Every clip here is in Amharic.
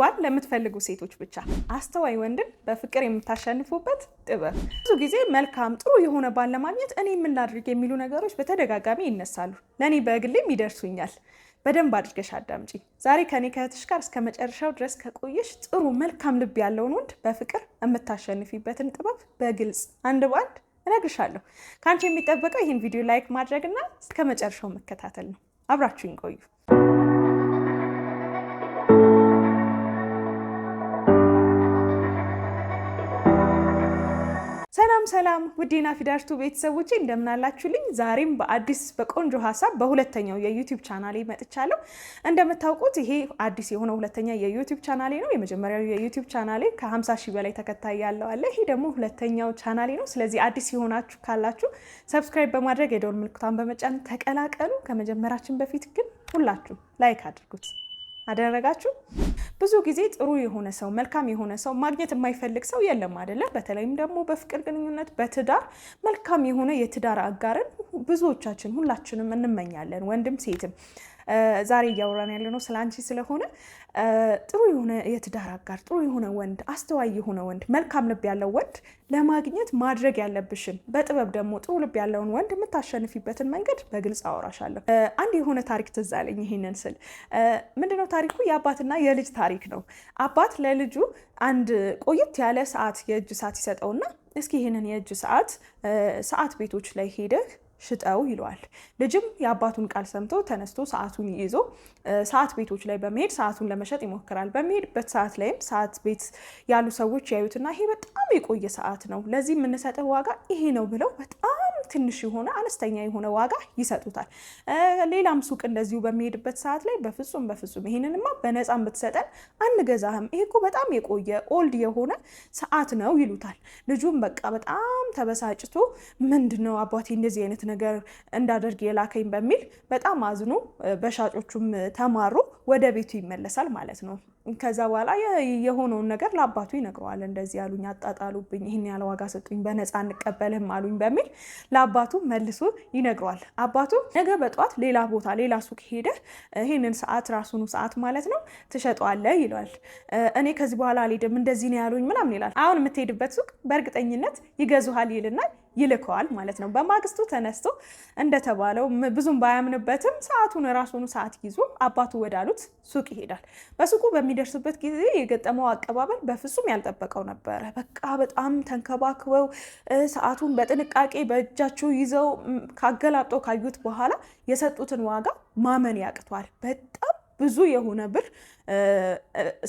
መዋል ለምትፈልጉ ሴቶች ብቻ አስተዋይ ወንድን በፍቅር የምታሸንፉበት ጥበብ። ብዙ ጊዜ መልካም ጥሩ የሆነ ባል ለማግኘት እኔ ምን ላድርግ የሚሉ ነገሮች በተደጋጋሚ ይነሳሉ። ለእኔ በግሌም ይደርሱኛል። በደንብ አድርገሽ አዳምጪ። ዛሬ ከኔ ከእህትሽ ጋር እስከ መጨረሻው ድረስ ከቆየሽ ጥሩ መልካም ልብ ያለውን ወንድ በፍቅር የምታሸንፊበትን ጥበብ በግልጽ አንድ በአንድ እነግርሻለሁ። ከአንቺ የሚጠበቀው ይህን ቪዲዮ ላይክ ማድረግና እስከ መጨረሻው መከታተል ነው። አብራችሁኝ ቆዩ። ሰላም ሰላም ውዴና ፊዳርቱ ቤተሰቦቼ እንደምን እንደምናላችሁልኝ ዛሬም በአዲስ በቆንጆ ሀሳብ በሁለተኛው የዩቲዩብ ቻናሌ መጥቻለሁ። እንደምታውቁት ይሄ አዲስ የሆነ ሁለተኛ የዩቲዩብ ቻናሌ ነው። የመጀመሪያው የዩቲዩብ ቻናሌ ከ50 ሺህ በላይ ተከታይ ያለው አለ። ይሄ ደግሞ ሁለተኛው ቻናሌ ነው። ስለዚህ አዲስ የሆናችሁ ካላችሁ ሰብስክራይብ በማድረግ የደወል ምልክቷን በመጫን ተቀላቀሉ። ከመጀመራችን በፊት ግን ሁላችሁ ላይክ አድርጉት። አደረጋችሁ ብዙ ጊዜ ጥሩ የሆነ ሰው መልካም የሆነ ሰው ማግኘት የማይፈልግ ሰው የለም አይደለም። በተለይም ደግሞ በፍቅር ግንኙነት፣ በትዳር መልካም የሆነ የትዳር አጋርን ብዙዎቻችን ሁላችንም እንመኛለን፣ ወንድም ሴትም። ዛሬ እያወራን ያለ ነው ስለ አንቺ ስለሆነ ጥሩ የሆነ የትዳር አጋር፣ ጥሩ የሆነ ወንድ፣ አስተዋይ የሆነ ወንድ፣ መልካም ልብ ያለው ወንድ ለማግኘት ማድረግ ያለብሽን በጥበብ ደግሞ ጥሩ ልብ ያለውን ወንድ የምታሸንፊበትን መንገድ በግልጽ አወራሻለሁ። አንድ የሆነ ታሪክ ትዝ አለኝ። ይሄንን ስል ምንድነው ታሪኩ? የአባትና የልጅ ታሪክ ነው። አባት ለልጁ አንድ ቆየት ያለ ሰዓት የእጅ ሰዓት ይሰጠውና እስኪ ይህንን የእጅ ሰዓት ሰዓት ቤቶች ላይ ሄደህ ሽጠው ይለዋል። ልጅም የአባቱን ቃል ሰምቶ ተነስቶ ሰዓቱን ይዞ ሰዓት ቤቶች ላይ በመሄድ ሰዓቱን ለመሸጥ ይሞክራል። በሚሄድበት ሰዓት ላይም ሰዓት ቤት ያሉ ሰዎች ያዩትና ይሄ በጣም የቆየ ሰዓት ነው፣ ለዚህ የምንሰጠው ዋጋ ይሄ ነው ብለው በጣም ትንሽ የሆነ አነስተኛ የሆነ ዋጋ ይሰጡታል። ሌላም ሱቅ እንደዚሁ በሚሄድበት ሰዓት ላይ በፍጹም በፍጹም ይሄንንማ በነፃ ብትሰጠን አንገዛህም፣ ይሄ እኮ በጣም የቆየ ኦልድ የሆነ ሰዓት ነው ይሉታል። ልጁም በቃ በጣም ተበሳጭቶ ምንድን ነው አባቴ እንደዚህ አይነት ነገር እንዳደርግ የላከኝ በሚል በጣም አዝኖ በሻጮቹም ተማሮ ወደ ቤቱ ይመለሳል ማለት ነው። ከዛ በኋላ የሆነውን ነገር ለአባቱ ይነግረዋል። እንደዚህ ያሉኝ፣ አጣጣሉብኝ፣ ይህን ያለ ዋጋ ሰጡኝ፣ በነፃ እንቀበልህም አሉኝ በሚል ለአባቱ መልሶ ይነግረዋል። አባቱ ነገ በጠዋት ሌላ ቦታ ሌላ ሱቅ ሄደህ ይህንን ሰዓት ራሱኑ ሰዓት ማለት ነው ትሸጠዋለህ ይለዋል። እኔ ከዚህ በኋላ አልሄድም እንደዚህ ነው ያሉኝ ምናምን ይላል። አሁን የምትሄድበት ሱቅ በእርግጠኝነት ይገዙሃል ይልና ይልከዋል ማለት ነው። በማግስቱ ተነስቶ እንደተባለው ብዙም ባያምንበትም ሰዓቱን ራሱን ሰዓት ይዞ አባቱ ወዳሉት ሱቅ ይሄዳል። በሱቁ በሚደርስበት ጊዜ የገጠመው አቀባበል በፍጹም ያልጠበቀው ነበረ። በቃ በጣም ተንከባክበው ሰዓቱን በጥንቃቄ በእጃቸው ይዘው ካገላብጦ ካዩት በኋላ የሰጡትን ዋጋ ማመን ያቅቷል። በጣም ብዙ የሆነ ብር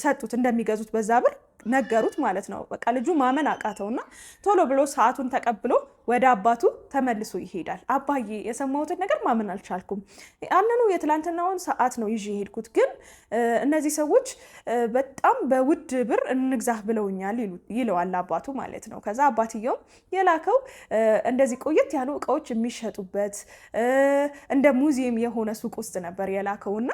ሰጡት። እንደሚገዙት በዛ ብር ነገሩት ማለት ነው። በቃ ልጁ ማመን አቃተውና ቶሎ ብሎ ሰዓቱን ተቀብሎ ወደ አባቱ ተመልሶ ይሄዳል። አባዬ የሰማሁትን ነገር ማመን አልቻልኩም። አንኑ የትላንትናውን ሰዓት ነው ይዤ የሄድኩት፣ ግን እነዚህ ሰዎች በጣም በውድ ብር እንግዛህ ብለውኛል ይለዋል አባቱ ማለት ነው። ከዛ አባትየውም የላከው እንደዚህ ቆየት ያሉ እቃዎች የሚሸጡበት እንደ ሙዚየም የሆነ ሱቅ ውስጥ ነበር የላከውና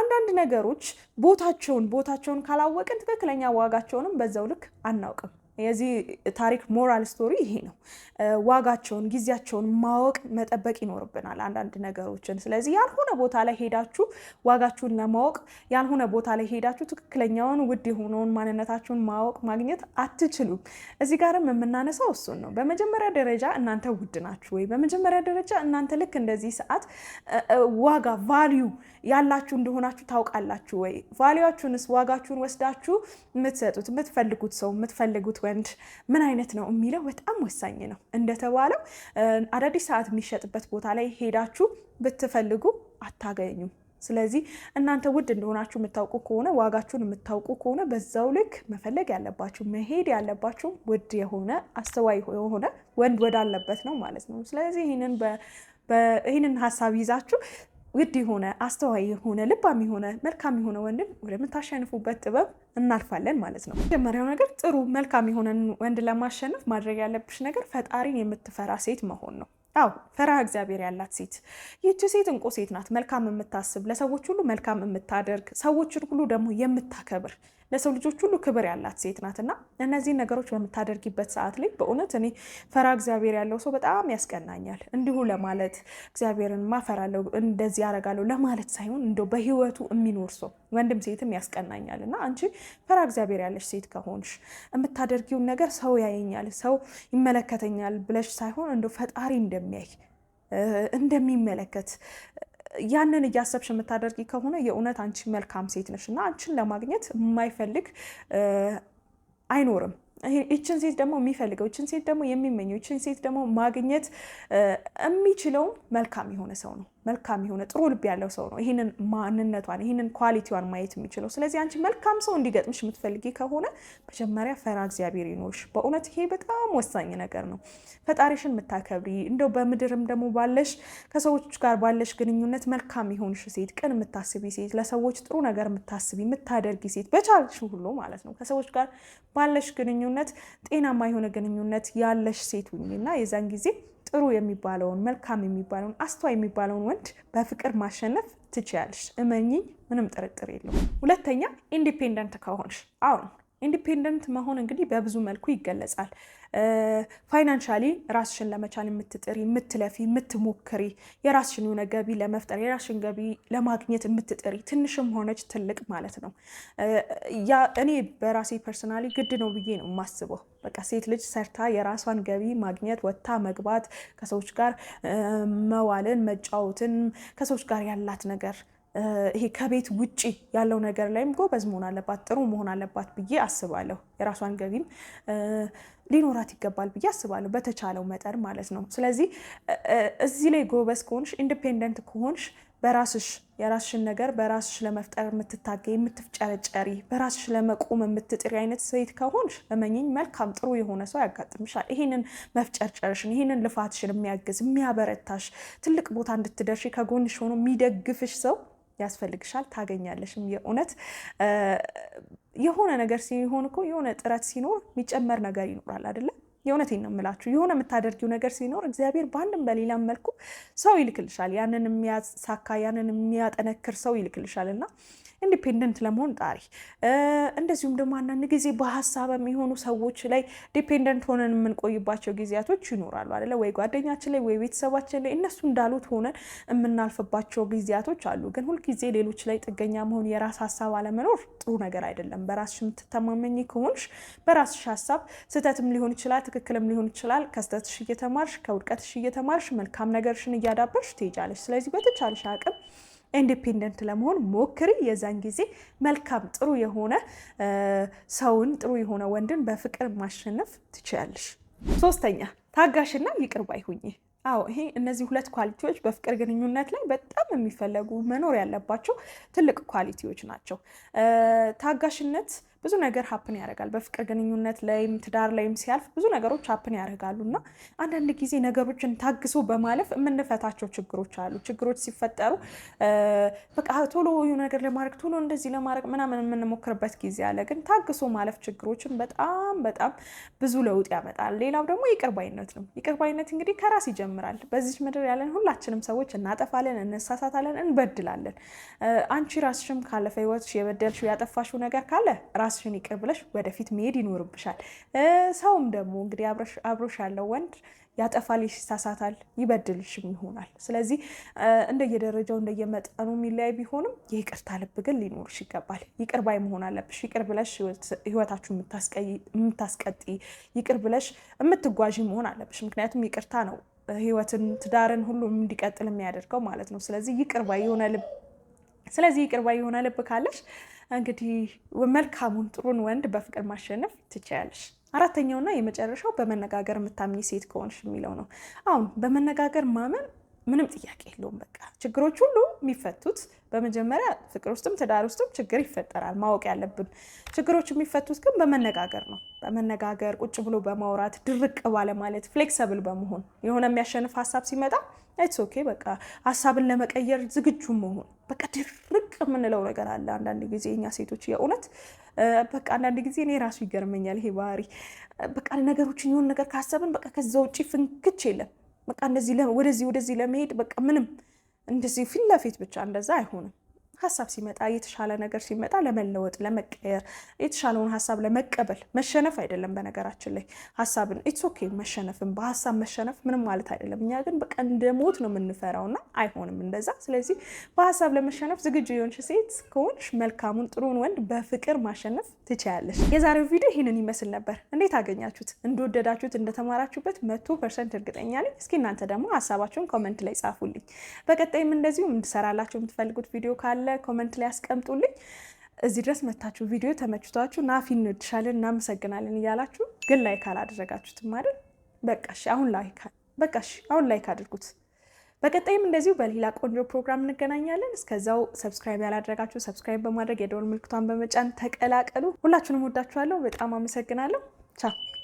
አንዳንድ ነገሮች ቦታቸውን ቦታቸውን ካላወቅን ትክክለኛ ዋጋቸውንም በዛው ልክ አናውቅም። የዚህ ታሪክ ሞራል ስቶሪ ይሄ ነው። ዋጋቸውን፣ ጊዜያቸውን ማወቅ መጠበቅ ይኖርብናል አንዳንድ ነገሮችን። ስለዚህ ያልሆነ ቦታ ላይ ሄዳችሁ ዋጋችሁን ለማወቅ ያልሆነ ቦታ ላይ ሄዳችሁ ትክክለኛውን ውድ የሆነውን ማንነታችሁን ማወቅ ማግኘት አትችሉም። እዚህ ጋርም የምናነሳው እሱን ነው። በመጀመሪያ ደረጃ እናንተ ውድ ናችሁ ወይ? በመጀመሪያ ደረጃ እናንተ ልክ እንደዚህ ሰዓት ዋጋ ቫሊዩ ያላችሁ እንደሆናችሁ ታውቃላችሁ ወይ? ቫሊዩችሁንስ ዋጋችሁን ወስዳችሁ የምትሰጡት የምትፈልጉት ሰው የምትፈልጉት ወንድ ምን አይነት ነው የሚለው በጣም ወሳኝ ነው። እንደተባለው አዳዲስ ሰዓት የሚሸጥበት ቦታ ላይ ሄዳችሁ ብትፈልጉ አታገኙም። ስለዚህ እናንተ ውድ እንደሆናችሁ የምታውቁ ከሆነ ዋጋችሁን የምታውቁ ከሆነ በዛው ልክ መፈለግ ያለባችሁ መሄድ ያለባችሁ ውድ የሆነ አስተዋይ የሆነ ወንድ ወዳለበት ነው ማለት ነው። ስለዚህ ይህንን ሀሳብ ይዛችሁ ውድ የሆነ አስተዋይ የሆነ ልባም የሆነ መልካም የሆነ ወንድን ወደምታሸንፉበት ጥበብ እናልፋለን ማለት ነው። መጀመሪያው ነገር ጥሩ መልካም የሆነን ወንድ ለማሸነፍ ማድረግ ያለብሽ ነገር ፈጣሪን የምትፈራ ሴት መሆን ነው። አዎ ፈራ እግዚአብሔር ያላት ሴት። ይቺ ሴት እንቁ ሴት ናት። መልካም የምታስብ፣ ለሰዎች ሁሉ መልካም የምታደርግ፣ ሰዎችን ሁሉ ደግሞ የምታከብር ለሰው ልጆች ሁሉ ክብር ያላት ሴት ናትና እነዚህን ነገሮች በምታደርጊበት ሰዓት ላይ በእውነት እኔ ፈራ እግዚአብሔር ያለው ሰው በጣም ያስቀናኛል። እንዲሁ ለማለት እግዚአብሔርን ማፈራለው እንደዚህ ያደርጋለሁ ለማለት ሳይሆን እንደ በህይወቱ የሚኖር ሰው ወንድም ሴትም ያስቀናኛል እና አንቺ ፈራ እግዚአብሔር ያለሽ ሴት ከሆንሽ የምታደርጊውን ነገር ሰው ያየኛል፣ ሰው ይመለከተኛል ብለሽ ሳይሆን እንደው ፈጣሪ እንደሚያይ እንደሚመለከት ያንን እያሰብሽ የምታደርጊ ከሆነ የእውነት አንቺ መልካም ሴት ነሽ እና አንቺን ለማግኘት የማይፈልግ አይኖርም። ይችን ሴት ደግሞ የሚፈልገው ይችን ሴት ደግሞ የሚመኘው ይችን ሴት ደግሞ ማግኘት የሚችለውም መልካም የሆነ ሰው ነው። መልካም የሆነ ጥሩ ልብ ያለው ሰው ነው ይህንን ማንነቷን ይህንን ኳሊቲዋን ማየት የሚችለው። ስለዚህ አንቺ መልካም ሰው እንዲገጥምሽ የምትፈልጊ ከሆነ መጀመሪያ ፈራ እግዚአብሔር ይኖርሽ። በእውነት ይሄ በጣም ወሳኝ ነገር ነው። ፈጣሪሽን የምታከብሪ እንደው በምድርም ደግሞ ባለሽ ከሰዎች ጋር ባለሽ ግንኙነት መልካም የሆንሽ ሴት፣ ቅን የምታስቢ ሴት፣ ለሰዎች ጥሩ ነገር የምታስቢ የምታደርጊ ሴት በቻልሽ ሁሉ ማለት ነው ከሰዎች ጋር ባለሽ ግንኙነት ጤናማ የሆነ ግንኙነት ያለሽ ሴት ሁኚና የዛን ጊዜ ጥሩ የሚባለውን መልካም የሚባለውን አስተዋይ የሚባለውን ወንድ በፍቅር ማሸነፍ ትችያለሽ። እመኚኝ፣ ምንም ጥርጥር የለውም። ሁለተኛ ኢንዲፔንደንት ከሆንሽ አሁን ኢንዲፔንደንት መሆን እንግዲህ በብዙ መልኩ ይገለጻል። ፋይናንሻሊ ራስሽን ለመቻል የምትጥሪ የምትለፊ፣ የምትሞክሪ የራስሽን የሆነ ገቢ ለመፍጠር የራስሽን ገቢ ለማግኘት የምትጥሪ ትንሽም ሆነች ትልቅ ማለት ነው። እኔ በራሴ ፐርሰናሊ ግድ ነው ብዬ ነው የማስበው። በቃ ሴት ልጅ ሰርታ የራሷን ገቢ ማግኘት፣ ወታ መግባት፣ ከሰዎች ጋር መዋልን፣ መጫወትን ከሰዎች ጋር ያላት ነገር ይሄ ከቤት ውጪ ያለው ነገር ላይም ጎበዝ መሆን አለባት፣ ጥሩ መሆን አለባት ብዬ አስባለሁ። የራሷን ገቢም ሊኖራት ይገባል ብዬ አስባለሁ፣ በተቻለው መጠን ማለት ነው። ስለዚህ እዚህ ላይ ጎበዝ ከሆንሽ፣ ኢንዲፔንደንት ከሆንሽ በራስሽ የራስሽን ነገር በራስሽ ለመፍጠር የምትታገ የምትፍጨረጨሪ፣ በራስሽ ለመቆም የምትጥሪ አይነት ሴት ከሆንሽ እመኚኝ መልካም ጥሩ የሆነ ሰው ያጋጥምሻል። ይህንን መፍጨርጨርሽን ይህንን ልፋትሽን የሚያግዝ የሚያበረታሽ፣ ትልቅ ቦታ እንድትደርሽ ከጎንሽ ሆኖ የሚደግፍሽ ሰው ያስፈልግሻል ታገኛለሽም። የእውነት የሆነ ነገር ሲሆን እኮ የሆነ ጥረት ሲኖር የሚጨመር ነገር ይኖራል አይደለም? የእውነቴን ነው የምላችሁ። የሆነ የምታደርጊው ነገር ሲኖር እግዚአብሔር በአንድም በሌላም መልኩ ሰው ይልክልሻል። ያንን የሚያሳካ ያንን የሚያጠነክር ሰው ይልክልሻል እና ኢንዲፔንደንት ለመሆን ጣሪ። እንደዚሁም ደግሞ አንዳንድ ጊዜ በሀሳብ የሚሆኑ ሰዎች ላይ ዲፔንደንት ሆነን የምንቆይባቸው ጊዜያቶች ይኖራሉ አይደለ? ወይ ጓደኛችን ላይ ወይ ቤተሰባችን ላይ እነሱ እንዳሉት ሆነን የምናልፍባቸው ጊዜያቶች አሉ። ግን ሁልጊዜ ሌሎች ላይ ጥገኛ መሆን፣ የራስ ሀሳብ አለመኖር ጥሩ ነገር አይደለም። በራስሽ የምትተማመኝ ከሆንሽ በራስሽ ሀሳብ ስህተትም ሊሆን ይችላል፣ ትክክልም ሊሆን ይችላል። ከስህተትሽ እየተማርሽ ከውድቀትሽ እየተማርሽ መልካም ነገርሽን እያዳበርሽ ትሄጃለሽ። ስለዚህ በተቻለሽ አቅም ኢንዲፔንደንት ለመሆን ሞክሪ። የዛን ጊዜ መልካም ጥሩ የሆነ ሰውን ጥሩ የሆነ ወንድን በፍቅር ማሸነፍ ትችላለሽ። ሶስተኛ ታጋሽና ይቅር ባይ ሁኚ። አዎ ይሄ እነዚህ ሁለት ኳሊቲዎች በፍቅር ግንኙነት ላይ በጣም የሚፈለጉ መኖር ያለባቸው ትልቅ ኳሊቲዎች ናቸው። ታጋሽነት ብዙ ነገር ሀፕን ያደርጋል። በፍቅር ግንኙነት ላይም ትዳር ላይም ሲያልፍ ብዙ ነገሮች ሀፕን ያደርጋሉ እና አንዳንድ ጊዜ ነገሮችን ታግሶ በማለፍ የምንፈታቸው ችግሮች አሉ። ችግሮች ሲፈጠሩ በቃ ቶሎ ነገር ለማድረግ ቶሎ እንደዚህ ለማድረግ ምናምን የምንሞክርበት ጊዜ አለ። ግን ታግሶ ማለፍ ችግሮችን በጣም በጣም ብዙ ለውጥ ያመጣል። ሌላው ደግሞ ይቅርባይነት ነው። ይቅርባይነት እንግዲህ ከራስ ይጀምራል። በዚች ምድር ያለን ሁላችንም ሰዎች እናጠፋለን፣ እንሳሳታለን፣ እንበድላለን። አንቺ ራስሽም ካለፈ ህይወት የበደልሽው ያጠፋሽው ነገር ካለ ራስ ራስሽን ይቅር ብለሽ ወደፊት መሄድ ይኖርብሻል። ሰውም ደግሞ እንግዲህ አብሮሽ ያለው ወንድ ያጠፋልሽ፣ ይሳሳታል፣ ይበድልሽም ይሆናል። ስለዚህ እንደየደረጃው እንደየመጠኑ የሚለያይ ቢሆንም የይቅርታ ልብ ግን ሊኖርሽ ይገባል። ይቅር ባይ መሆን አለብሽ። ይቅር ብለሽ ህይወታችሁ የምታስቀጢ ይቅር ብለሽ የምትጓዥ መሆን አለብሽ። ምክንያቱም ይቅርታ ነው ህይወትን ትዳርን ሁሉ እንዲቀጥል የሚያደርገው ማለት ነው። ስለዚህ ይቅር ባይ የሆነ ልብ ስለዚህ ይቅር ባይ የሆነ ልብ ካለሽ እንግዲህ መልካሙን ጥሩን ወንድ በፍቅር ማሸነፍ ትችያለሽ። አራተኛውና የመጨረሻው በመነጋገር የምታምኝ ሴት ከሆንሽ የሚለው ነው። አሁን በመነጋገር ማመን ምንም ጥያቄ የለውም። በቃ ችግሮች ሁሉ የሚፈቱት በመጀመሪያ ፍቅር ውስጥም ትዳር ውስጥም ችግር ይፈጠራል። ማወቅ ያለብን ችግሮች የሚፈቱት ግን በመነጋገር ነው። በመነጋገር ቁጭ ብሎ በማውራት ድርቅ ባለማለት ፍሌክሰብል በመሆን የሆነ የሚያሸንፍ ሀሳብ ሲመጣ ኢትስ ኦኬ በቃ ሀሳብን ለመቀየር ዝግጁ መሆን በቃ ድርቅ የምንለው ነገር አለ። አንዳንድ ጊዜ እኛ ሴቶች የእውነት በቃ አንዳንድ ጊዜ እኔ ራሱ ይገርመኛል ይሄ ባህሪ። በቃ ነገሮችን የሆነ ነገር ካሰብን በቃ ከዛ ውጭ ፍንክች የለም በቃ እንደዚህ ወደዚህ ወደዚህ ለመሄድ በቃ ምንም እንደዚህ ፊት ለፊት ብቻ እንደዛ አይሆንም። ሀሳብ ሲመጣ የተሻለ ነገር ሲመጣ ለመለወጥ ለመቀየር የተሻለውን ሀሳብ ለመቀበል መሸነፍ አይደለም። በነገራችን ላይ ሀሳብን ኢትስ ኦኬ መሸነፍን በሀሳብ መሸነፍ ምንም ማለት አይደለም። እኛ ግን በቃ እንደ ሞት ነው የምንፈራውና አይሆንም እንደዛ። ስለዚህ በሀሳብ ለመሸነፍ ዝግጁ የሆንሽ ሴት ከሆንሽ መልካሙን ጥሩን ወንድ በፍቅር ማሸነፍ ትችያለሽ። የዛሬው ቪዲዮ ይህንን ይመስል ነበር። እንዴት አገኛችሁት? እንደወደዳችሁት እንደተማራችሁበት መቶ ፐርሰንት እርግጠኛ ነኝ። እስኪ እናንተ ደግሞ ሀሳባችሁን ኮመንት ላይ ጻፉልኝ። በቀጣይም እንደዚሁ እንድሰራላችሁ የምትፈልጉት ቪዲዮ ካለ ካለ ኮመንት ላይ ያስቀምጡልኝ። እዚህ ድረስ መታችሁ ቪዲዮ ተመችቷችሁ ናፊ እንወድሻለን እናመሰግናለን እያላችሁ ግን ላይክ አላደረጋችሁትም አይደል? በቃ እሺ፣ አሁን ላይክ በቃ እሺ፣ አሁን ላይክ አድርጉት። በቀጣይም እንደዚሁ በሌላ ቆንጆ ፕሮግራም እንገናኛለን። እስከዛው ሰብስክራይብ ያላደረጋችሁ ሰብስክራይብ በማድረግ የደወል ምልክቷን በመጫን ተቀላቀሉ። ሁላችሁንም ወዳችኋለሁ። በጣም አመሰግናለሁ። ቻው